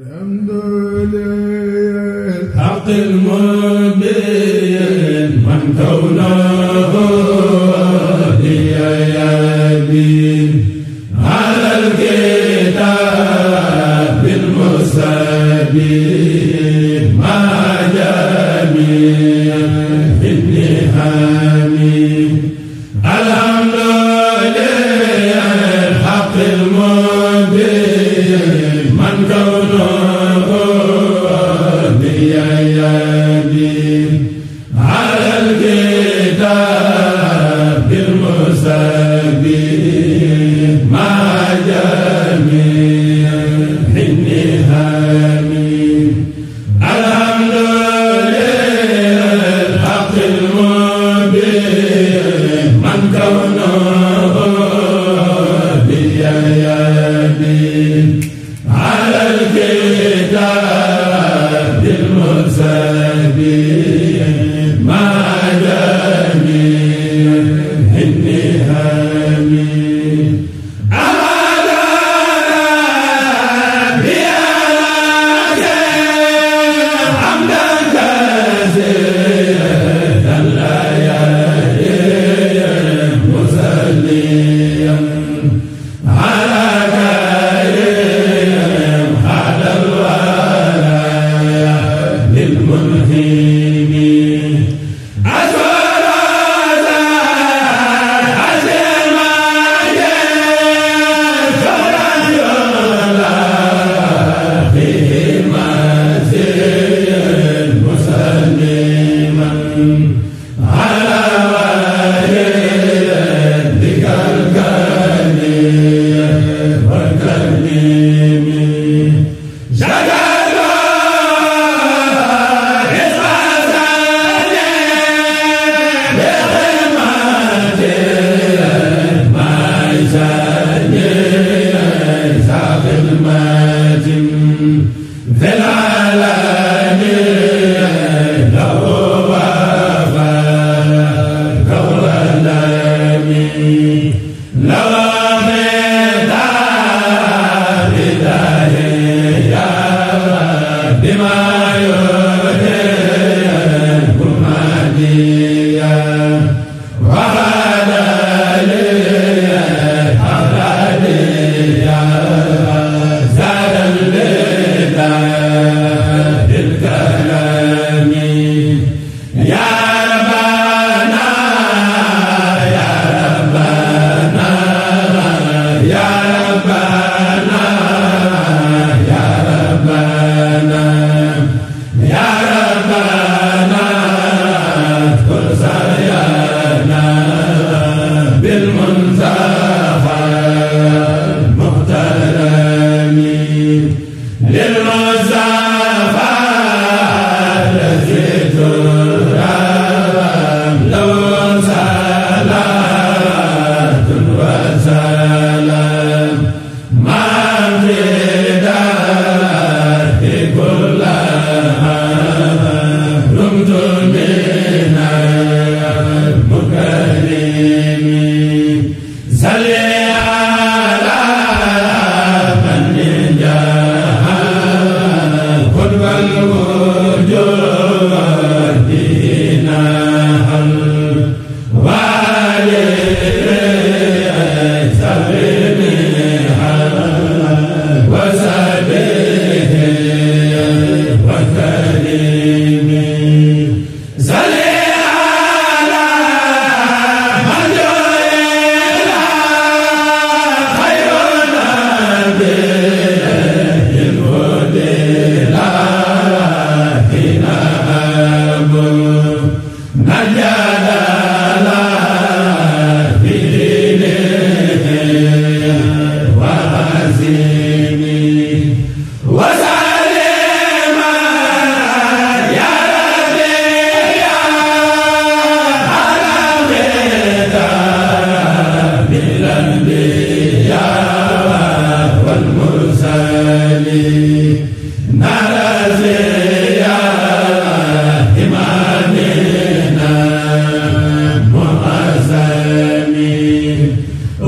الحمد لله حق المبين من كونه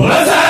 wa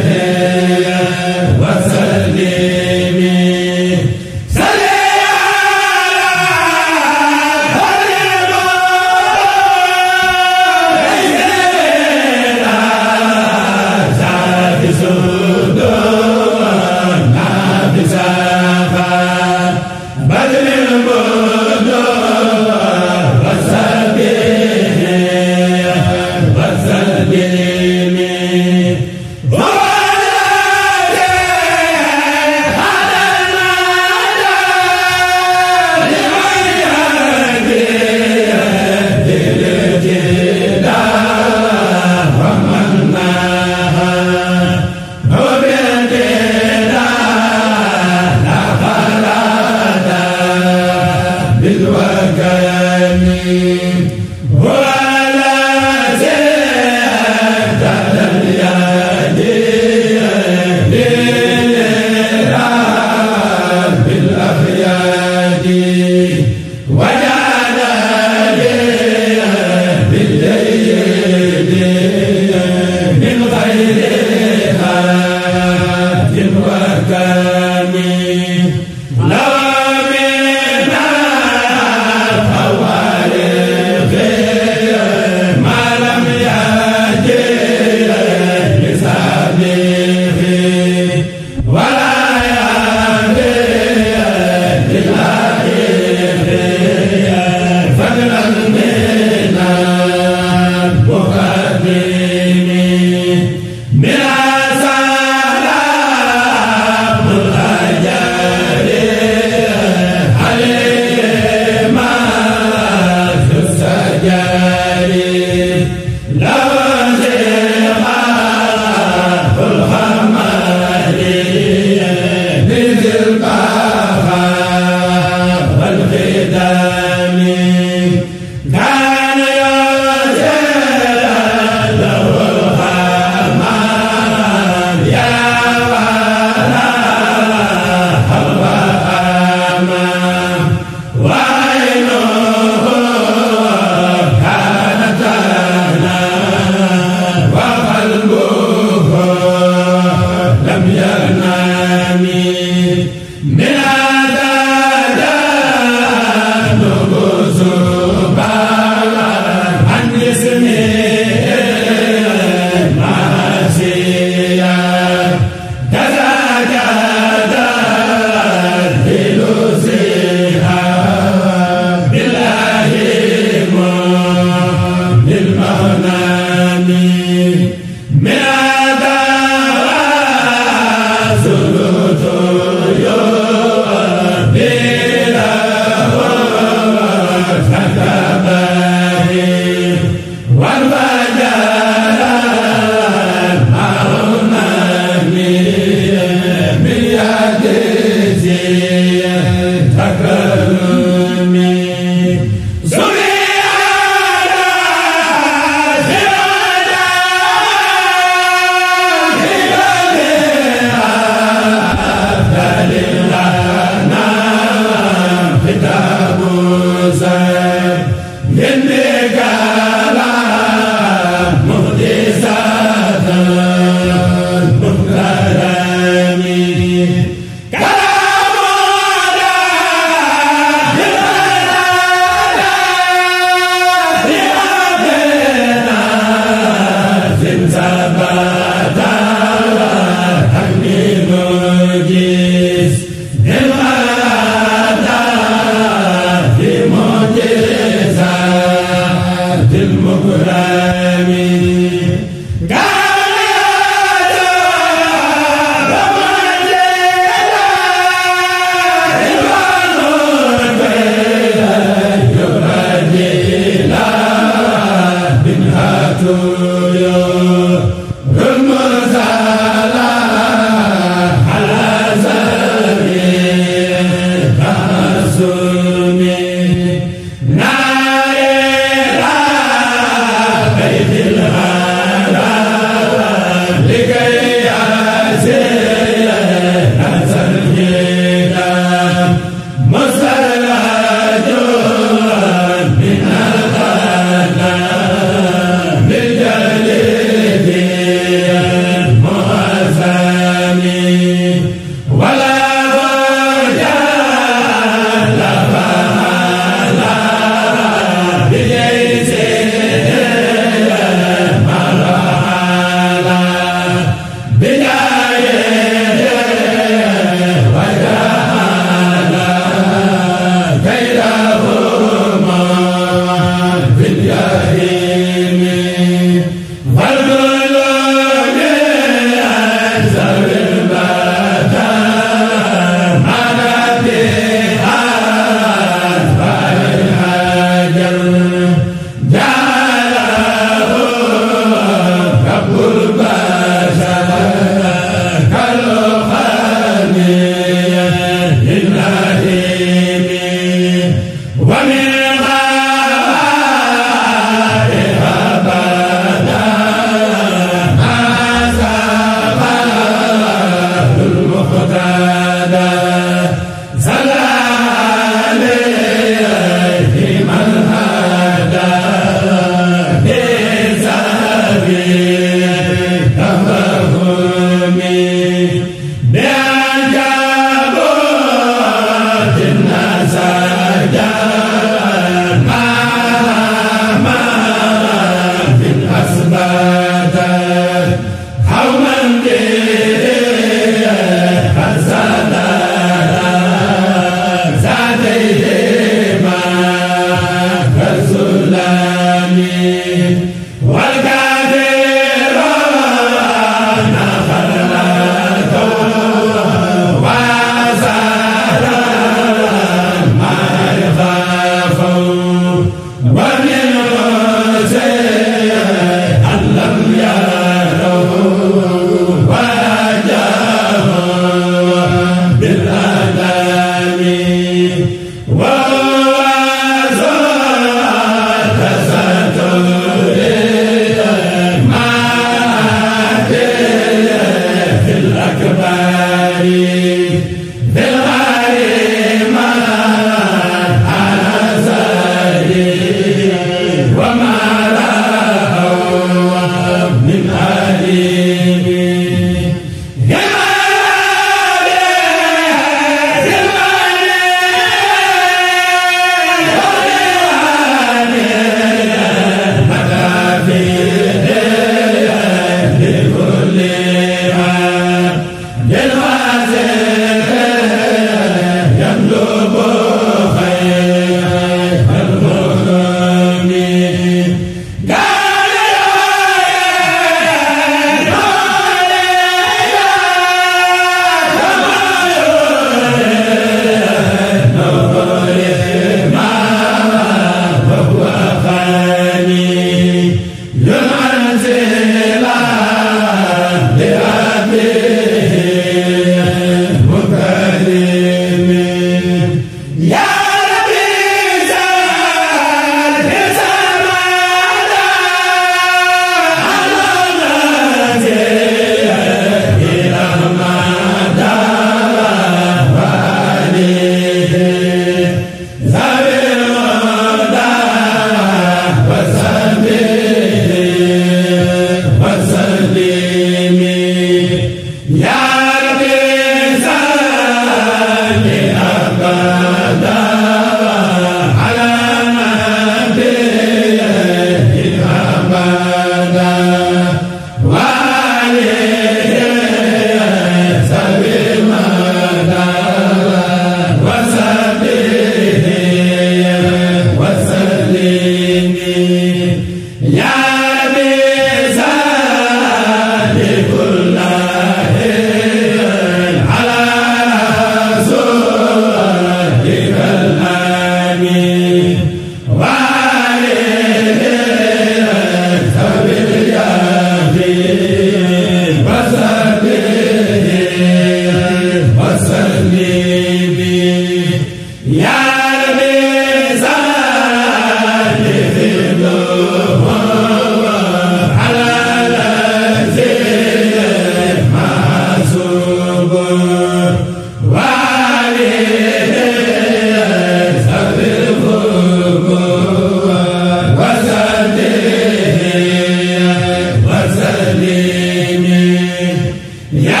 Yeah.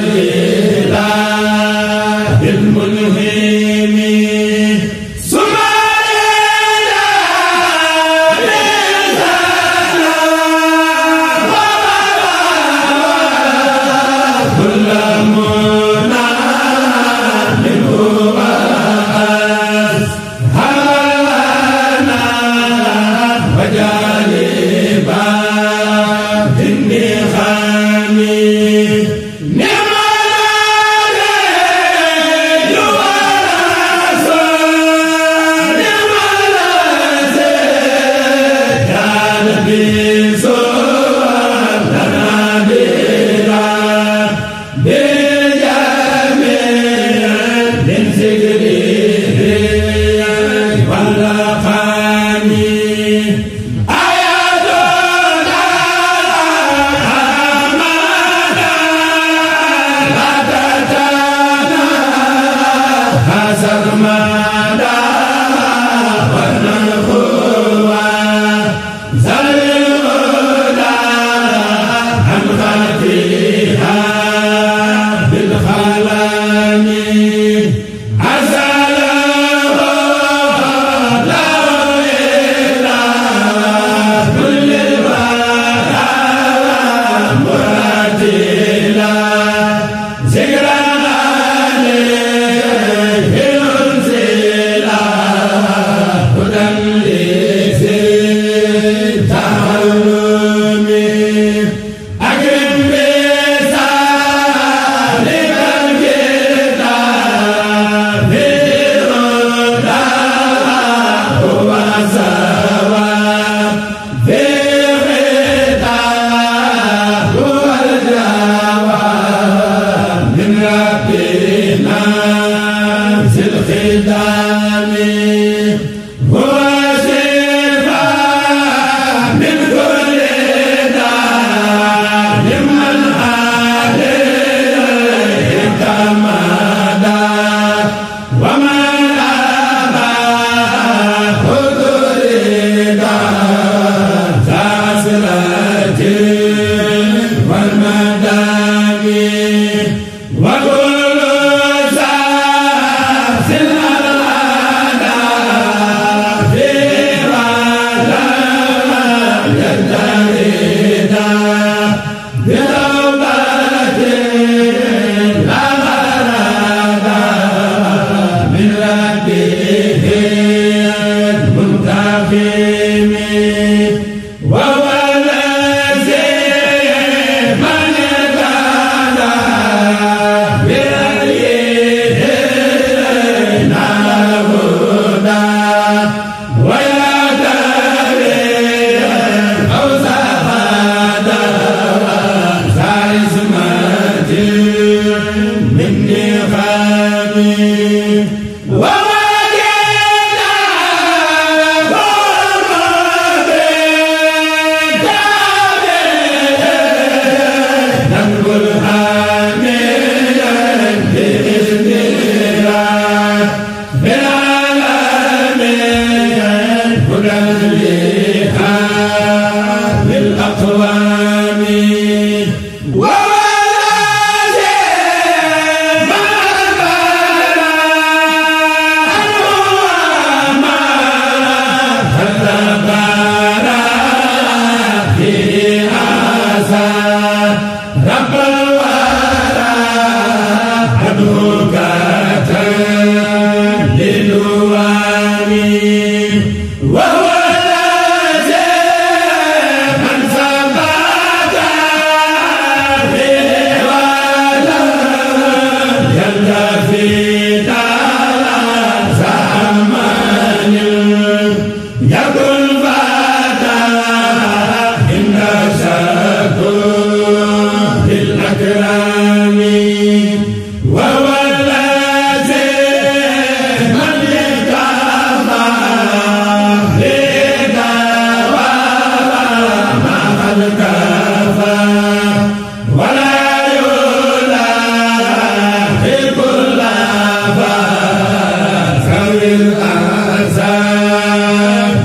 liggéey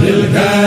بالكافرين